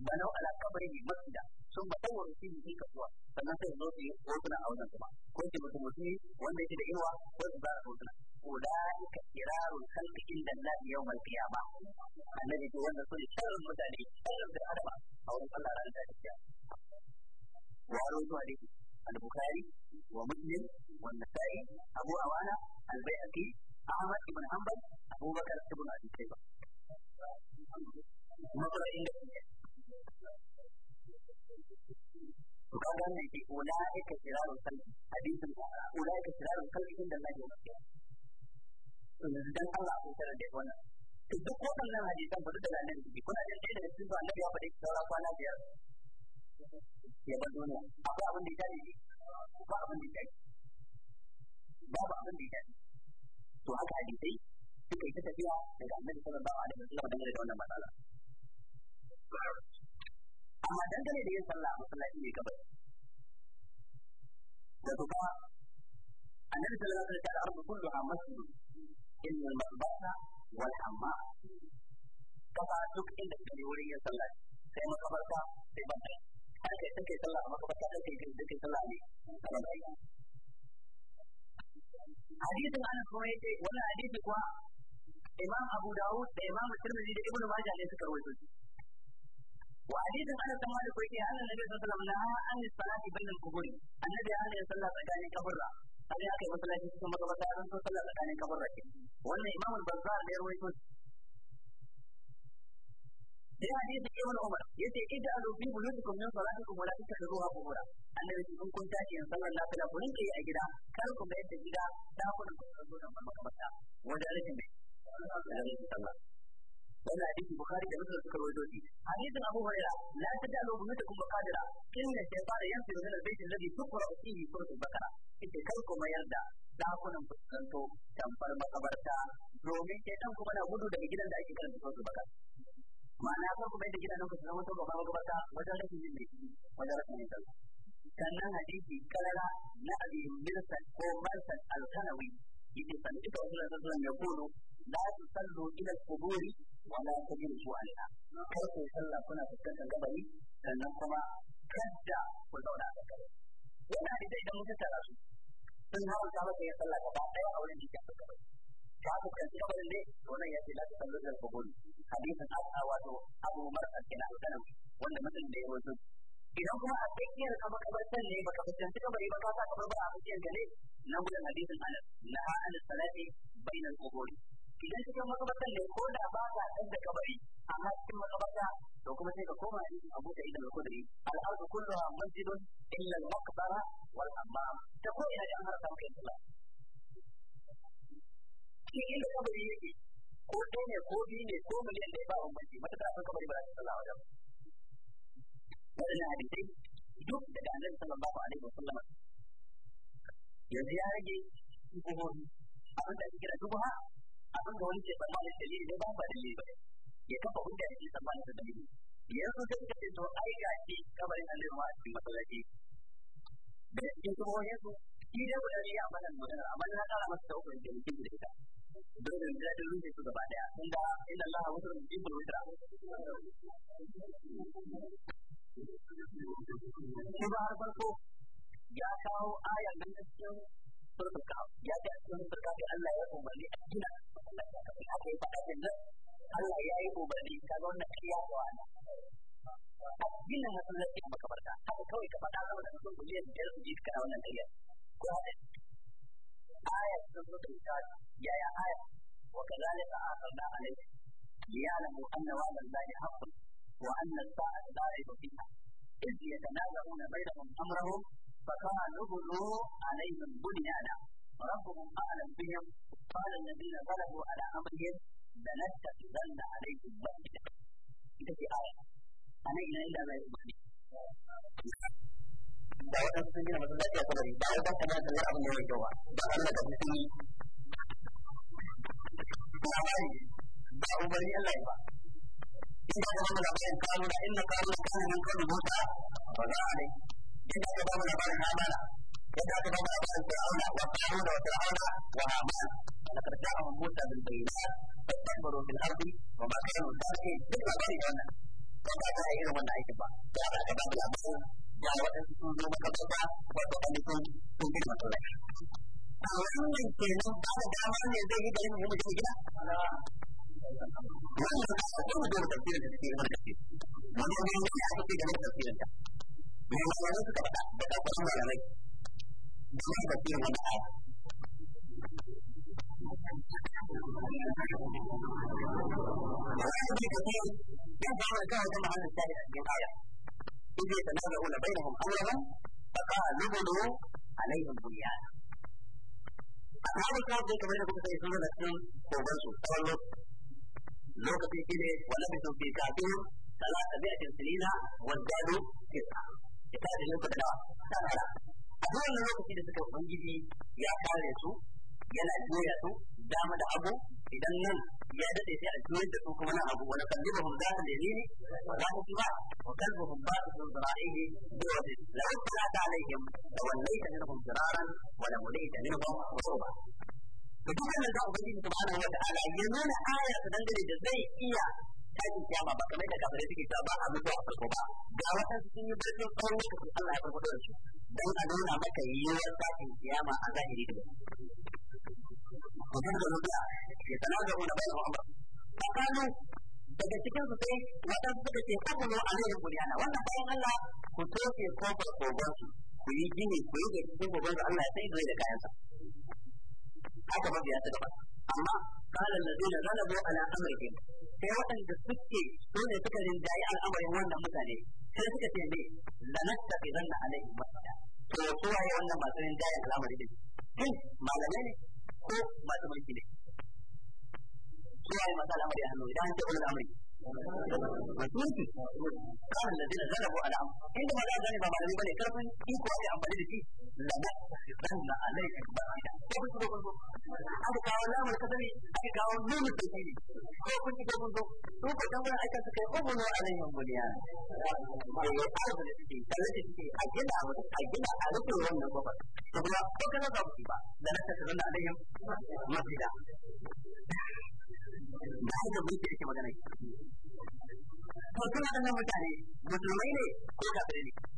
ba nau ala kabari ne masjida sun ba tawar shi ne ka zuwa sannan sai zo su yi hotuna a wannan kuma ko ce mutum mutum wanda yake da yawa ko su ba hotuna ulaika kirarul khalqi inda Allah yawmal qiyama annabi ce wanda su ne sharrin mutane sharrin da adama a wurin Allah ran da kiya wa rawu hadisi al-bukhari wa muslim wa nasai abu awana al-bayhaqi ahmad ibn hanbal abu bakr ibn abi kuma kuma inda to ka ga nan ke ulaika shirarun kalbi hadisin ulaika shirarun inda Allah ya wuce to dan Allah ko tare da wannan to duk waɗannan hadisan ba da nan ne kuna da ɗaya daga cikin annabi ya faɗi saura kwana biyar ya bar duniya akwai abin da ya dace ba abin da ya dace babu abin da ya dace to haka hadisai suka yi ta tafiya daga annabi sallallahu alaihi wasallam dangane da wannan matsala amma dangane da yin sallah a masallaci ne gaba da tuka annabi sallallahu alaihi wasallam arzu kulluha masjid illa al-maqbara wal hamma kafa duk inda kake wurin yin sallah sai makabarta sai banda har kai take sallah a makabarta har kai take sallah ne a banda hadisin ana kuma wannan hadisi kuwa imam abu dawud da imam tirmidhi da ibnu majah ne suka rawaito shi wa hadisin anas bin malik yake anna nabi sallallahu alaihi wasallam naha an salati bainal quburi annabi ya hana sallah tsakanin kaburra sai aka yi masallaci cikin makabarta an so sallah tsakanin kaburra ke wannan imam al-bazzar ne rawaito shi sai hadisi ibn umar yace idza alu bi min salatikum wala tatruha qubura annabi kun kun tashi yan sallar lafiya ku yi a gida kar ku mai da gida dakunan ku zo da makabarta wajen rikin wannan hadisi bukhari da muslim suka rawaito shi hadisin abu huraira la tajalu buyutakum maqadira inna shaytana yanfiru min al alladhi tuqra fihi suratul baqara ita kai kuma yarda dakunan fuskanto tamfar makabarta domin kai dan kuma na gudu daga gidan da ake karanta suratul baqara ma'ana kan kuma yadda gidan ku zama to babba makabarta wajen rashin jin mai wajen rashin jin sannan hadisi kalala, na abi mirsal ko marsal al-kanawi yake sanadika wasu da sassan ya kono la su sallu ila kuburi wa la su yi su alina kar ku sallah kuna fuskantar gabari sannan kuma kadda ku zauna a gabari wannan hadisai idan muka tara su sun haramta maka yin sallah gaba ɗaya a wurin jikin ta ku kan gabarin ne wannan ya ce la su sallu ila kuburi hadisin asa wato abu mar'ar kenan wanda mutum da ya wasu. idan kuma a tsakiyar ka makabartar ne ba baka fuskanci bari ba ka sa kabar ba a tsakiyar gane na gudun hadisin anas na anas salati bainal quburi idan cikin makabartar ne ko da ba ka san da kabari amma cikin makabarta to kuma sai ka koma hadisin abu ta idan kudri al ardu kulluha masjidun illa al maqbara wal hammam ta ko ina da an harka maka ba cikin kabari yake ko ɗaya ne ko biyu ne ko miliyan ɗaya ba bambanci mata da akwai kabari ba a ta sallah wajen waɗannan hadisai duk daga annabi sallallahu alaihi wa sallam yanzu ya rage shubuhohi abin da ake kira shubuha abin da wani ke tsammanin dalili ne ba ba dalili ba ya kafa hujja da ke tsammanin da dalili yanzu sai ka ce to ai ga shi kabarin annabi ma a cikin masallaci da cikin shubuhohin su shi dai guda ne a wannan magana amma na kara masa da ukun da yake da ita dole ne da rufe su gaba daya inda inda Allah wa sallam bi witra shi ba har farko ya kawo aya nan da cikin surka ya ce cikin da Allah ya umarni a gina Allah ya kafa haka ya faɗa din nan Allah ya yi umarni ka ga wannan kariya ko ana a gina masallaci a makabarta haka kawai ka faɗa zama da mutum kuliyar biyar su ji kana wannan ko aya sun zo da ita aya wa kazalika akhadna alayhi liya'lamu وأن الساعة لا ريب فيها إذ يتنازعون بينهم أمرهم عليهم بنيانا ربهم أعلم بهم قال الذين غلبوا على أمرهم لنتخذن عليهم مسجدا ina inda zai umarni da waɗansu sun gina masu lafiya kabari ba wai don kamar sallar abin da da yi ba إن كان لبين قارون إن قارون كان من قوم موسى فقال إن كان لبين هامان إن كان لبين فرعون وقارون وفرعون وهامان ولقد جاءهم موسى بالبينات فاستكبروا في الأرض وما كانوا سابقين مثل ما بين أن وما كان إلهم أن أيتما جاء الأباب الأبوين جاء وإن كنتم مكتبا وتقلكم من كلمة الله a wannan kenan ba da dama ne zai yi garin mutum gida أقول دور تفسير كثير من كثير من من من يعرف في جميع تفسير ده من هو لا تتبع تتبع كل ما عليك جميع تفسير من ده وعند كثير يدعو الجهل مع الانسان الجهاله إذ يتنازعون بينهم أمرهم فقال نبلوا عليهم بنيانا. أنا أعرف كيف يمكن أن يكون في سورة الكون هو بس lokacin shi ne wala bisu fi kafin talata bi'atin sinina wazdadu tisa ita da nuka da tara a duk wannan lokaci da suka ubangiji ya kare su yana juya su dama da abu idan nan ya dade sai a juyar da su kuma na abu wani kalliba hum za ta da yini za mu kuma wa kalbu hum ba su sun zara'ihi da wata lau kula ta alaihim da wallai ta minhum ziraran wa lamulai ta minhum wa soba to duk wannan da ubangiji subhanahu wa ta'ala ya nuna aya ta dangane da zai iya tashi kiyama ba kamar da kafirai suke cewa ba a mutuwa a farko ba ga wata sun yi birnin tsawon lokacin Allah ya farko da su don a nuna maka yiwuwar kiyama a zahiri da mutum da mutuwa ya sanar da wani bayan wa'amba tsakanin daga cikin su sai waɗansu suka ce kafin a nan kuriyana wannan bayan Allah ku toke kofar kogon su ku yi gini ku yi da cikin kogon Allah ya sai da kayansa haka ba ya gaba amma qala allazina zalabu ala amrihim sai waɗanda suke su ne suka rinjayi al'amarin wannan mutane sai suka ce ne lanatta idan da alaihi masada to su waye wannan masu rinjayi al'amari din shin malamai ne ko masu mulki ne su waye masu al'amari a hannu idan an ce ulul amri mutunci kawai da zina zarabu al'am inda ba za gane ba malami bane karfin iko ne amfani da shi lada zanna alaika ba ida ko kun zo kun kawo lamar kadari aka kawo nuna tafsiri ko kun ji kun zo ko ko dan wani aka kai ko mun alai yan buliya mai ya arzu da shi tare da shi a gina a mutum a gina a rufe wannan gaba to kuma ko kana ba ba da naka zanna alai yan masjida da haka mun ce ake magana to da mutane musulmai ne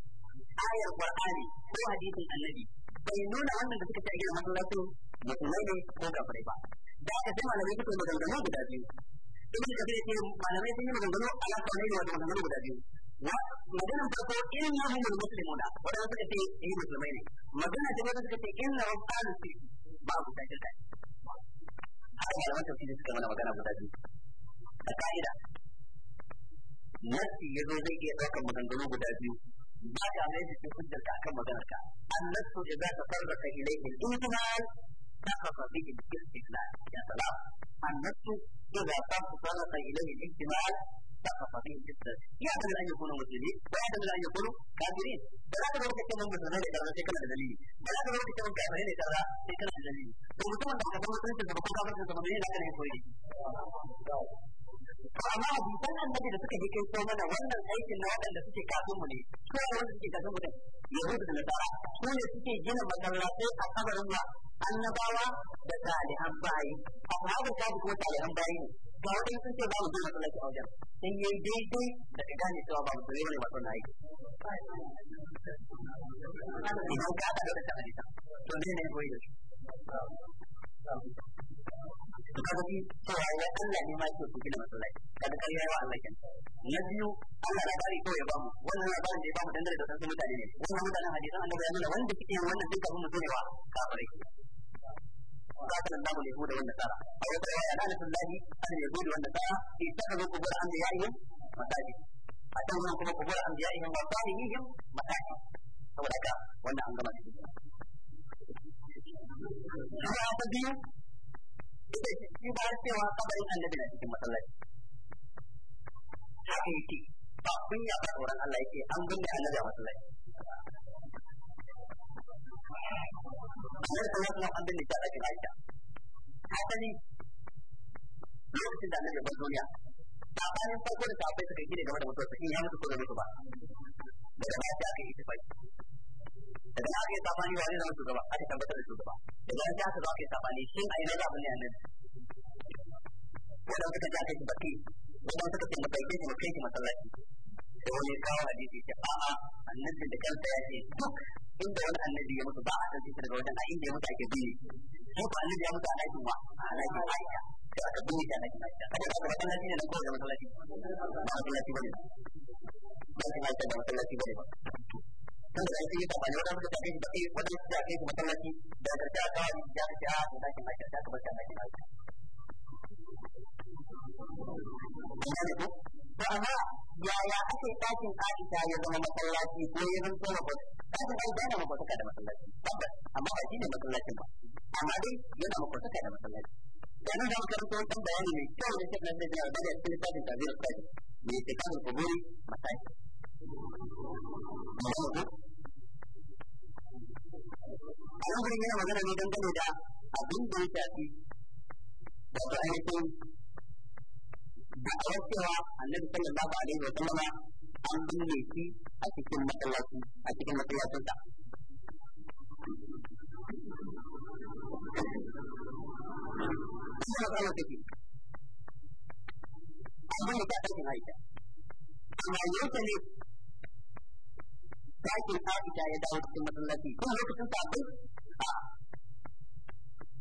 ko da ayar qur'ani ko hadisin annabi bai nuna wannan da suka a musulmai ne ko da ba da malamai suka yi guda biyu ce malamai sun yi maganganu ne maganganu guda biyu farko wadanda suka ce eh, musulmai ne magana ta suka ce ba haka malaman da suka mana magana guda biyu a ka'ida nassi ya zo zai iya ɗaukar maganganu guda biyu ba ka mai da cikin hujjar ka akan maganar ka an nassu idza tafarraqa ilayhi al-ijmal tafafa bihi al-istidlal ya salam an nassu idza tafarraqa ilayhi al da ka fadi da ya da an yakuna musulmi ba da an yakuna kafiri ba za ka zo ka kana musulmi da kaza sai kana da dalili ba za ka zo ka kana kafiri da kaza sai kana da dalili to mutum da ka zo sun ce ba ka zo ka ne da kana koyi amma hadisan annabi da suka hikai ko mana wannan aikin na waɗanda suke kafin mu ne ko wanda suke kafin mu suke gina masallatai a kabarin da salihan bayi da kaji kuma ga wajen sun ce babu zai masallaci a wajen sun yi daidai da ka gane cewa babu zai ne masu na aiki. Idan ka haɗa da wata hadisa, to ne ne koyi da su. To kaga shi cewa ya Allah ne ma yake ku gina masallaci, kaga kai ya yi wa Allah kyan. Na biyu, Allah labari kawai ya bamu, wannan labarin da ya bamu dangane da wasu mutane ne, wannan mutanen hadisan Allah ya nuna wanda suke yin wannan duk abin mutunewa kafirai. قاتل الله اليهود والنصارى ويقول يا لعنة الله على اليهود والنصارى اتخذوا قبور أنبيائهم مساجد أتوا من قبور أنبيائهم وصالحيهم مساجد saboda haka wannan an gama cikin sura ta biyu ita ce shi ba cewa kabarin annabi na cikin masallaci haka yake ba kunya ba tsoron Allah yake an binne annabi a masallaci Annabi sallallahu alaihi abin da ya dace Aisha. Asali lokacin da Annabi ya bar duniya sabanin farko da sahabbai suka yi ne game da mutuwarsa in ya mutu ko da mutu ba. Daga ba ta aka yi tafai. Daga na aka yi sabani wa ne zama shugaba aka tabbatar da shugaba. Daga na aka zo aka yi sabani shin a ina za a binne Annabi. Wadanda suka ji aka yi baki wadanda suka ce mu kai shi mu kai shi masallaci da wani kawo di ce a'a annabi da kansa ya ce duk inda wani annabi ya mutu ba a san daga wajen a inda ya mutu ake bin shi ko annabi ya mutu a ɗakin wa a ɗakin Aisha sai aka bin shi a ɗakin Aisha kada ka ga masallaci ne na da masallaci ba masallaci bane ba ɗakin Aisha da masallaci bane ba tun da ake yi ta bani wadanda suka kai baki wadanda suka kai su masallaci da karshe a kawo da ya kace a aka bar ta to amma yaya ake ɗakin Aisha ya zama masallaci ko ya zama da masallaci amma ba masallacin ba amma dai yana da masallaci da da muka rinka wancan bayani mai da da bada cikin kuburi masai a yana magana ne dangane da abin da ya shafi ainihin da a cewa annabi sallallahu alaihi wa sallama an binne shi a cikin masallaci a cikin masallacin sa Allah ta take abin da ta ɗaukin Aisha amma yau ne ɗakin Aisha ya dawo cikin masallaci kuma lokacin sa akwai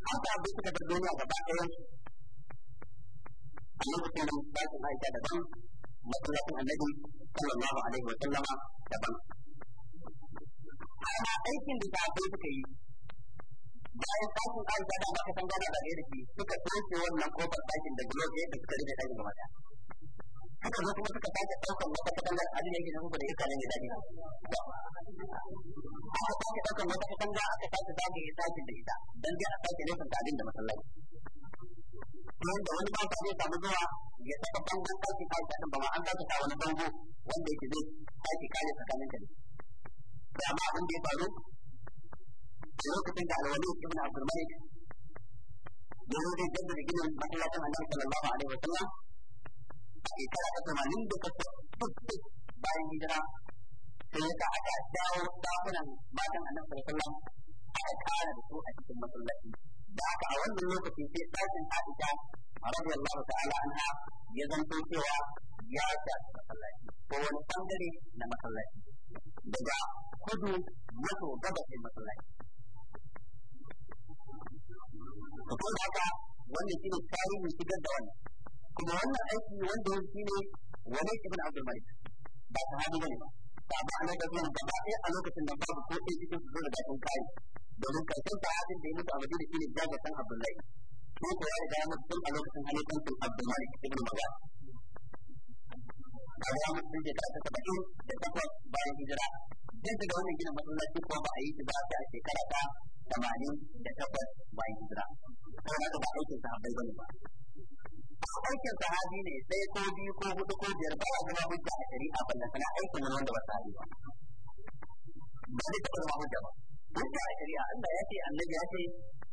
haka bai suka bar duniya gaba ɗayan su a lokacin da masallacin Aisha daban masallacin Annabi sallallahu alaihi wa daban amma aikin da sahabbai suka yi bayan ɗakin Aisha da aka san gana da da suka soke wannan kofar ɗakin da blok yadda suka rufe ɗakin gaba ɗaya haka zo kuma suka sake ɗaukar wata katanga abin yake Kuma da yaka da gidaje aka sake ɗaukar wata katanga aka sake zagaye ɗakin da ita don dai a sake nufin abin da masallaci wanda wani ba zai samu zuwa ya saka bangon ɗakin aisha ɗin ba ma an saka wani bango wanda yake zai ɗaki kare tsakanin ka ne da amma abin da ya faru a lokacin da alwali ibn abdulmalik domin zai jaddada ginin masallacin annabi sallallahu alaihi wa sallam a shekara ta tamanin da takwas duk bayan hijira sai ya sa aka dawo dakunan matan annabi sallallahu alaihi wa sallam aka kara da su a cikin masallaci da aka a wannan lokacin sai ɗakin Aisha radiyallahu ta'ala anha ya zanto cewa ya shafi masallaci ko wani bangare na masallaci daga kudu maso gaba gabashin masallaci to kun haka wannan shine tarihin shigar da wani kuma wannan aiki wanda shi ne wani ibn abdul malik ba sahabi bane ba ba ba a lokacin gaba ɗaya a lokacin da babu ko ɗaya cikin su zo da dakin kai domin karshen sa'adin da ya mutu a madina shine jagatan abdullahi ko ko ya riga mutu a lokacin halifancin abdullahi ibn ya mutu ta saba'in da takwas bayan hijira duk da wannan gina masallaci ko ba a yi shi ba a shekara ta tamanin da takwas bayan hijira ko na ba aikin sahabbai bane ba aikin sahabi ne sai ko biyu ko hudu ko biyar ba ya zama a shari'a sana aikin wanda ba sahabi duk da shari'a Allah ya ce annabi ya ce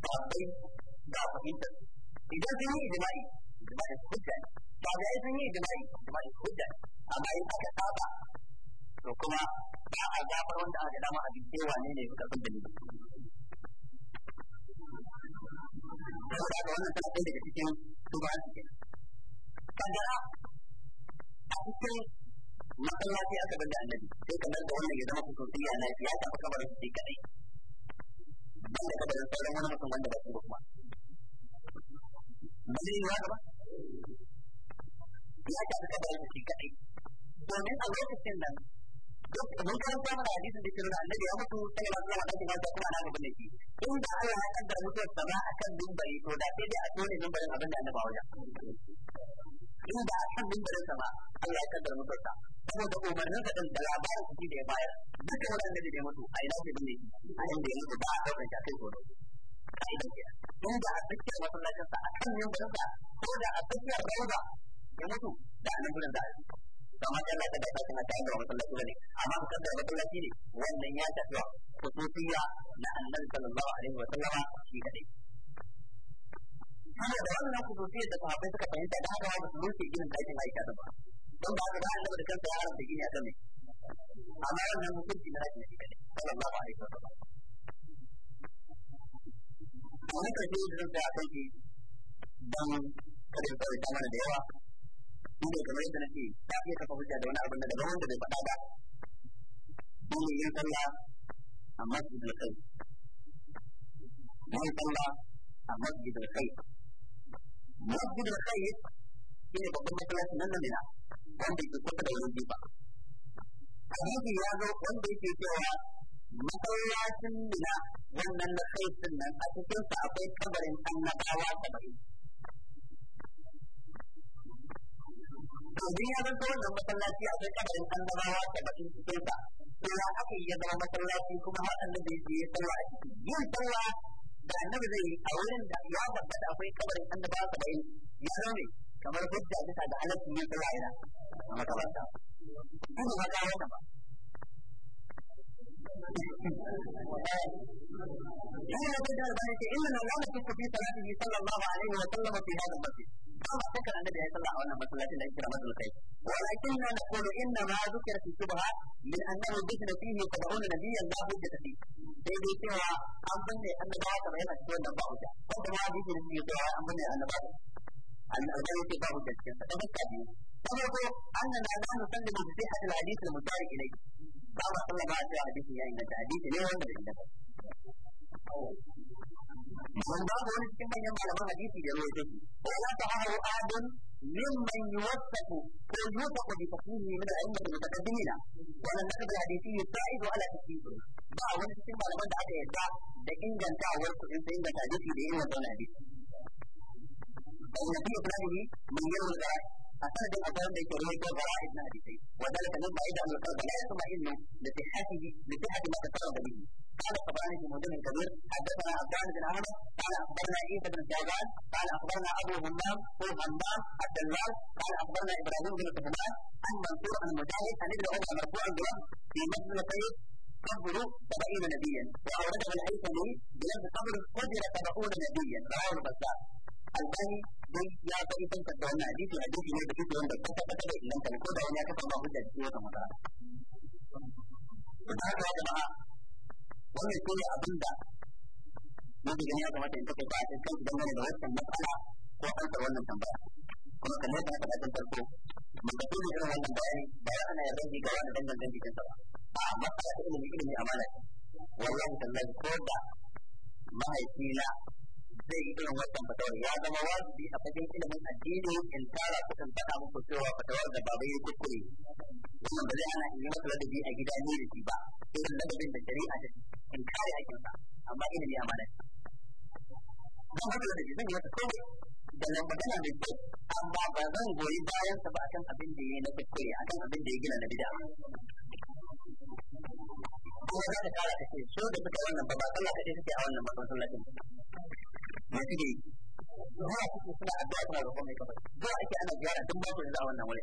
ba bai ba fahimtar idan sun yi ijma'i ijma'i hujja ne ba ga sun yi ijma'i ijma'i hujja amma in aka saba to kuma ba a gafar wanda aka dama a bincike wane ne suka bin dalili saboda ga wannan tana daga cikin tubahan su kenan a cikin masallaci aka bada annabi sai kamar da wannan ya zama kusurciya na ya tafi kamar su kadai ba da kada sauran wani mutum wanda ba shi ba kuma ba zai yi haka ba ya ta kada yi shi kadai domin a lokacin nan mun kan samu da hadisin da kirna annabi ya mutu sai ya zama dakin wanda kuma na gaba da shi inda Allah ya kaddara mutuwar sa ba akan dumbari to da sai dai a tone dumbarin abin da annabawa ya in a kan mimbarin sa ba Allah ya kaddara mutarsa saboda umarnin sa din da labarin su da ya bayar dukkan wani da ya mutu a ina ne bane a inda ya mutu ba a daukan shi a kai tsoro ka'idan ke in ba a tsakiyar masallacin sa a kan mimbarin sa ko da a tsakiyar rauda ya mutu da annabi gurin da a yi kamar da Allah ta da kafin a tayar da masallaci amma kan da masallaci ne wannan ya tafiya kusufiya na annabi sallallahu alaihi wa sallama shi kadai kuma da wannan kusurfiyar da sahabbai suka fahimta da haka ba su mulki ginin ake aisha da ba don ba su da da kansa ya haramta gini a kan amma wannan hukunci na rashin shi kaɗai sallallahu alaihi wa sallam wani kashe da zan tsaya kai don kada ya tsawaita mana da yawa inda kamar yadda na ce ta iya kafa hujja da wani abin da daban wanda bai faɗa ba dole yin sallah a masjidul kai yin sallah a masjidul kai masjid al-khair shi ne babban masallacin nan na wanda ke kusa da wurin jifa hadisi ya zo wanda yake cewa masallacin mina wannan na kai din nan a cikin sa akwai kabarin annabawa saba'in to din ya zanto wannan masallaci akwai kabarin annabawa cikin sa to ya hakan ya zama masallaci kuma har annabi ya yi sallah a yin sallah da annabi zai a wurin da ya tabbata akwai kabarin annaba saba'in ya zama kamar hujja bisa da alaƙin yin tsawaiya a makabarta. Kuma ba ta haka ba. ina da albani ce inna na lana kuka fi salatihi sallallahu alaihi wa sallam fi hada masjid kan ba annabi ya sallah a wannan masallacin da ake kira masjid kai walakinna naqulu inna ma dhukira fi subha min annahu dhikra fihi sab'un nabiyyan la hujjata fihi sai dai cewa an binne annabawa kamar yana cikin wannan ba hujja ko kuma hadisi ne ke cewa an da annabawa الأول في باب التذكير فقد التعبير فهو أننا لا نسلم بصحة الحديث المشار إليه ba wa sallah ba cewa hadisi ya inganta hadisi ne wanda bai inganta man ba ko wani cikin manyan malaman hadisi da ruwa take ko la ta'ahu adun mimman yuwassafu ko yuwassafu bi takuni min al-ilmi al-mutaqaddimina wa lan nakab al-hadisi yusa'idu ala takfihi ba wani cikin malaman da aka yarda da ingantawar su in inganta hadisi da inganta hadisi. Ba wani cikin malaman da aka yarda da ingantawar su in inganta hadisi da inganta hadisi. أخرج الأطهار من كروي وغرائب من حديثه وذلك من بعيد عن القلب لا يسمى علم لصحته لصحة ما تقرب به قال الطبراني في مدن الكبير حدثنا عبدان بن عمر قال اخبرنا عيسى بن شعبان قال اخبرنا ابو همام هو همام الدلال قال اخبرنا ابراهيم بن سليمان عن منصور عن مجاهد أن ابن عمر مرفوعا بلفظ في مسجد طيب قبر سبعين نبيا واورده الهيثمي بلفظ قبر قدر سبعون نبيا رواه البزار الباني don ya san san ka da wannan hadisi hadisi ne da duk wanda ka tabbata da illan ka ko da wani ya kafa ma hujja cikin wata matsala da haka jama'a wannan shi ne abin mun gani ya kamata in take ba a cikin dangane da wannan matsala ko an ta wannan tambaya kuma kamar da aka dace farko mun ga dole irin wannan bayani ba ya ana yarda ji ga wani dangan dangi kan ba a matsala ilimi ilimi amana wallahi tallahi ko da mahaifina zai yi irin wannan fatawar ya zama wajibi a fagen ilimin addini in tara kusan faɗa muku cewa fatawar da babu ya kuskure kuma ba zai ana ladabi a gida ne da shi ba irin ladabin da a in kare kinsa amma ilimi amana don haka ladabi zan yi da nan magana kyau amma ba zan goyi bayan sa ba akan abin da ya na kuskure akan abin da ya gina na bida kuma za ka kara ka ce so da suka wannan ba ba sallah kaɗai suke a wannan ba sallah masu ne zuwa cikin suna addu'a suna roƙon mai ake ana gyara duk ba su da wannan wuri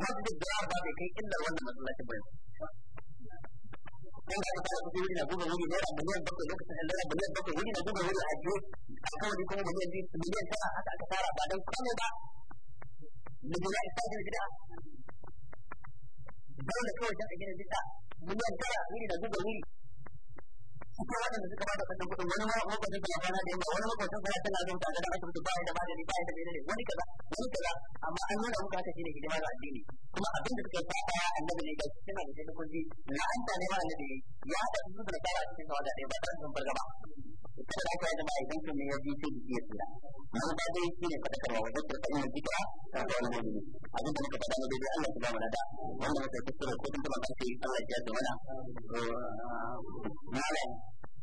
masjid da ba bai kai illar wannan masallacin kan da na guga wuri naira miliyan bakwai lokacin da naira miliyan bakwai wuri na buga wuri a jiyo a kawai kuma miliyan biyu miliyan tara haka aka tara ba don kano ba da miliyan sajin gida dole kawai don a gina gida miliyan tara wuri na guga wuri kuma waɗanda suka ba da kudin kudin wani ma makwacin da kwana da yamma wani makwacin ba tana zuwa da asibiti ba da magani ba da menene wani kaza wani kaza amma an nuna muku haka shine hidima ga addini kuma abin da suka fata annabi ne ga cikin da na an ta ne annabi ya haɗa su da fara cikin tawada ɗaya ba ta sun fargaba kada da kai jama'a idan kun ya ji sai ya tsira mun ba dai shine kada da kai ka ne abin da muka ne dai Allah ko kuma ba Allah ya ji mana malam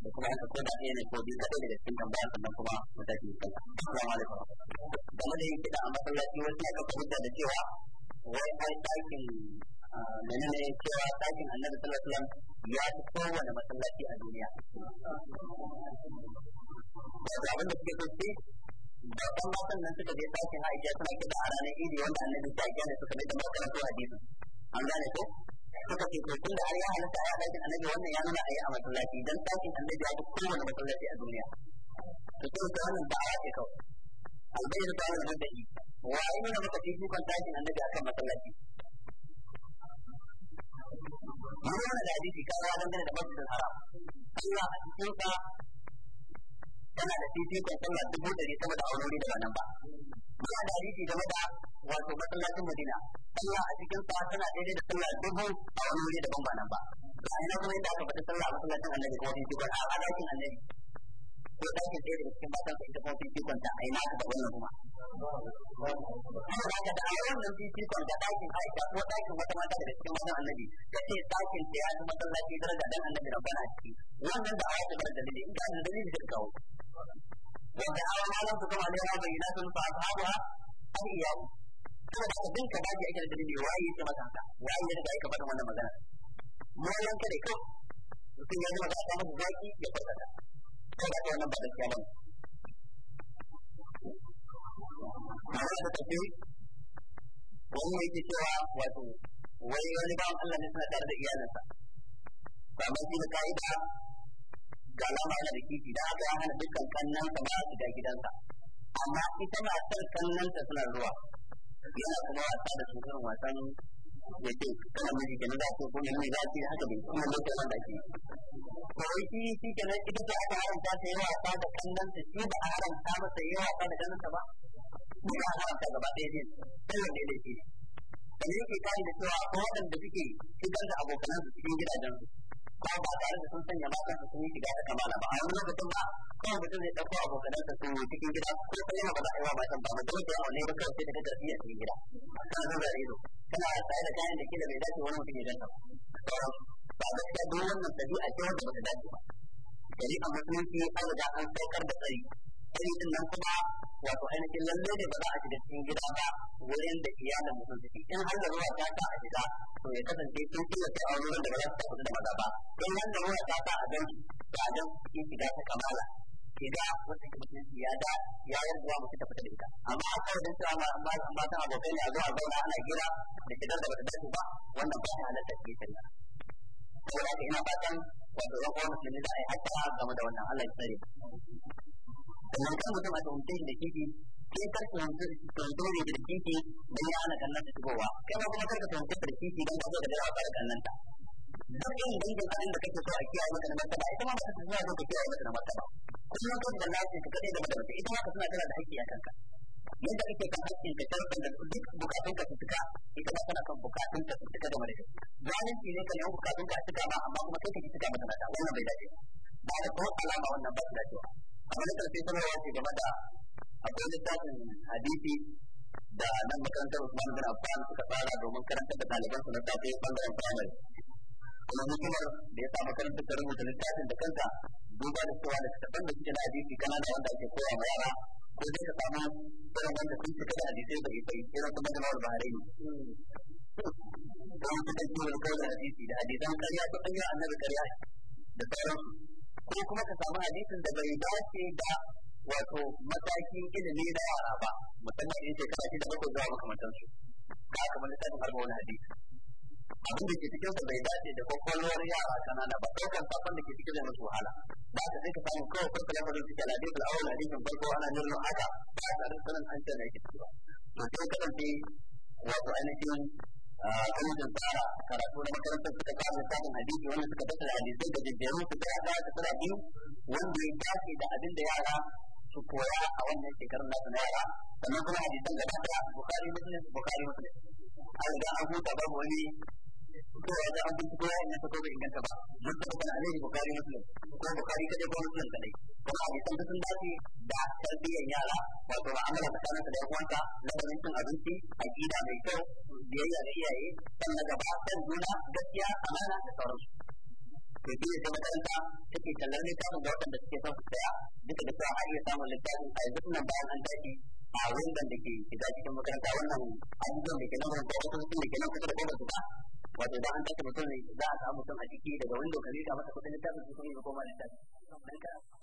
da kuma yanka ko da ɗaya ne ko biyu na ɗaya daga cikin tambaya sannan kuma mu tafi mu assalamu alaikum game da kiɗa a masallaci wasu aka fahimta da cewa wai ai ɗakin ne cewa ɗakin annabi sallallahu alaihi ya fi kowane masallaci a duniya wato abin da suke so su da ɗan matan nan suka je ɗakin Aisha suna kiɗa a ranar Idi wanda annabi ta ne suka bai da a hadisi an gane ko suka ce to tun da har ya halatta ya dakin annabi wannan ya nuna a yi a masallaci dan dakin annabi ya fi kowane masallaci a duniya to sai da wannan da aya ce kawai albayar da wannan da yi wa ya nuna maka fi dukan dakin annabi akan masallaci Mana da hadisi kawo dangane da masjidin haram. Allah a cikin tana da fifikon sallah dubu dari sama da aurori da wannan ba muna da hadisi game da wato masallacin madina sallah a cikin sa tana daidai da sallah dubu a wani da daban ba nan ba ga ina kuma inda aka fata sallah a masallacin annabi ko fifikon a ɗakin annabi ko da ɗakin ɗaya daga cikin matan sa ita ko fifikon ta aina ta ka da wannan kuma Saboda da a wannan ko da ɗakin Aisha ko ɗakin wata mata daga cikin matan annabi ta ce ɗakin ta ya zama masallaci daraja dan annabi rabbana a ciki wannan da a wata bar dalili in ga dalili da kawo wanda hawa hawa su kuma alaiha bayyinatun fa ashabuha al-iyyahu saboda haka dinka daji ake da dalili waye ya maka haka waye ya riga ya faɗin wannan magana mu yanka da kyau mutum ya zama da aka masa zaki ya farkata kada ka wannan ba da kyau bane ma'ana da tafi wani yake cewa wato wai wani bawan Allah ne suna tare da iyalinsa ba ma shi da ka'ida ga alama yana da kishi da haka ya hana dukkan kannansa ba su da gidansa amma ita matar kannansa suna zuwa yana kuma wasa da su irin wasan ya ce kana miji kenan za ko kuma mai za ki haka bai kuma mai da ake to shi shi kenan ita ta aka haramta ta yawa da kannansa shi ba a haramta masa yawa ta da kannansa ba duka ta gaba ɗaya ne sai wanda ya laifi ne yake kai da cewa ko waɗanda suke shigar da abokanansu cikin gidajensu ko ba tare da sun sanya matan su sun yi shiga ta kamala ba a wani lokacin ba kawai mutum zai ɗauko abokanan sa sun yi cikin gida ko kuma ba za a yi wa matan ba ba dole da yawa ne ba kawai sai ta tafi cikin gida kana zuwa ido kana tsaye da kayan da bai dace mutum ya ganta ba ba gaskiya duk wannan ɗabi'a ce wanda ba ta dace ba shari'a musulunci an an saukar da tsari aini din nan kuma wato ainihin lalle ne ba za a shiga cikin gida ba wurin da iyalin mutum suke in har da ruwa ta sa a shiga to ya kasance sun a wurin da ba za su tafi da maza ba in wanda ruwa ta sa a ba a cikin shiga ta kamala shiga wata mutum ya da ya yarda mutum ta fita da ita amma a kawai don cewa amma amma san abokai ne a zo a zauna ana gira da shigar da dace ba wannan ba ya halatta ke shirya saboda ina fatan wato ɗan uwan musulmi da game da wannan Allah ya sannan kan mutum a tsohon da kiki ke kar tsohon ne da kiki don ya hana kallon ta shigowa kai ma kuma kar ka tsohon da kiki don ka zo da dawa da kallon ta duk yin dangin abin da kake so a kiyaye maka na martaba ita ma ba ta zuwa zo ka kiyaye maka na martaba kullum kan da lafi ka kaɗai da madalata ita ma ka suna tana da haƙƙi a kanka yadda kake kan haƙƙin ka tarfan da duk bukatun ka su cika ita ma tana kan bukatun ka su da madalata zalunci ne ka nemi bukatun ka a cika ba amma kuma kai ka ki cika mata mata wannan bai dace ba da ko alama wannan ba su dacewa abu na karfe sanarwa ce game da akwai littafin hadisi da nan makarantar Usman bin Affan suka fara domin karanta da ɗaliban su na safe bangaren primary kuma hukumar da ya sa makarantar ta rubuta littafin da kanta duba da cewa da kaɗan da suke na hadisi kanana wanda ake koya ma yara ko dai ka samu irin wanda sun fita da hadisai da bai bai irin kuma da mawar baharai don su ɗauki wani kawai da hadisi da hadisan karya ta ɗanyar annabi karya da sauransu ko kuma ka samu hadisin da bai dace da wato matakin ilimi na yara ba musamman in shekara shida bakwai zuwa makamantansu ka kamar littafin harba wani hadisi abin da ke cikin sa bai dace da kwakwalwar yara kanana ba daukan sakon da ke cikin da musu wahala ba ka sai ka samu kawai farko da farko cikin hadisi da awon hadisin farko ana nuna haka ba ka da sanin an tana ke ba to sai kasance wato ainihin ayyukan tsara karatu na makarantar suka kama lissafin hadisi wanda suka tattara hadisai da jajjerun su daya daya da tsara biyu wanda ya dace da abin da yara su koya a wannan shekarun nasu na yara sannan kuma hadisan gaba daya bukari muslim bukari muslim an riga an huta babu wani ko ya ga abin ko ya ta kobe inganta ba mun ta kana alaihi bukari muslim ko bukari kaje ko muslim ko yi tantu sun dace da tarbiyyar yara wato ma'amala tsakanin da yawanka na ganin cin abinci aqida mai kyau biyayya ga iyaye sannan gaba san juna gaskiya amana da sauransu to biyu da makaranta take tallar ne kamun da waɗanda suke son su tsaya duka da cewa har iya samun littafin a yanzu nan bayan an tashi a wundan da ke shiga cikin makaranta wannan abubuwan da ke nan wurin da wasu sun da ke nan kusa da kowace ba wato da an tafi mutum ne za a samu mutum a jiki daga wanda ka rika masa kusan littafin su kuma ya koma littafin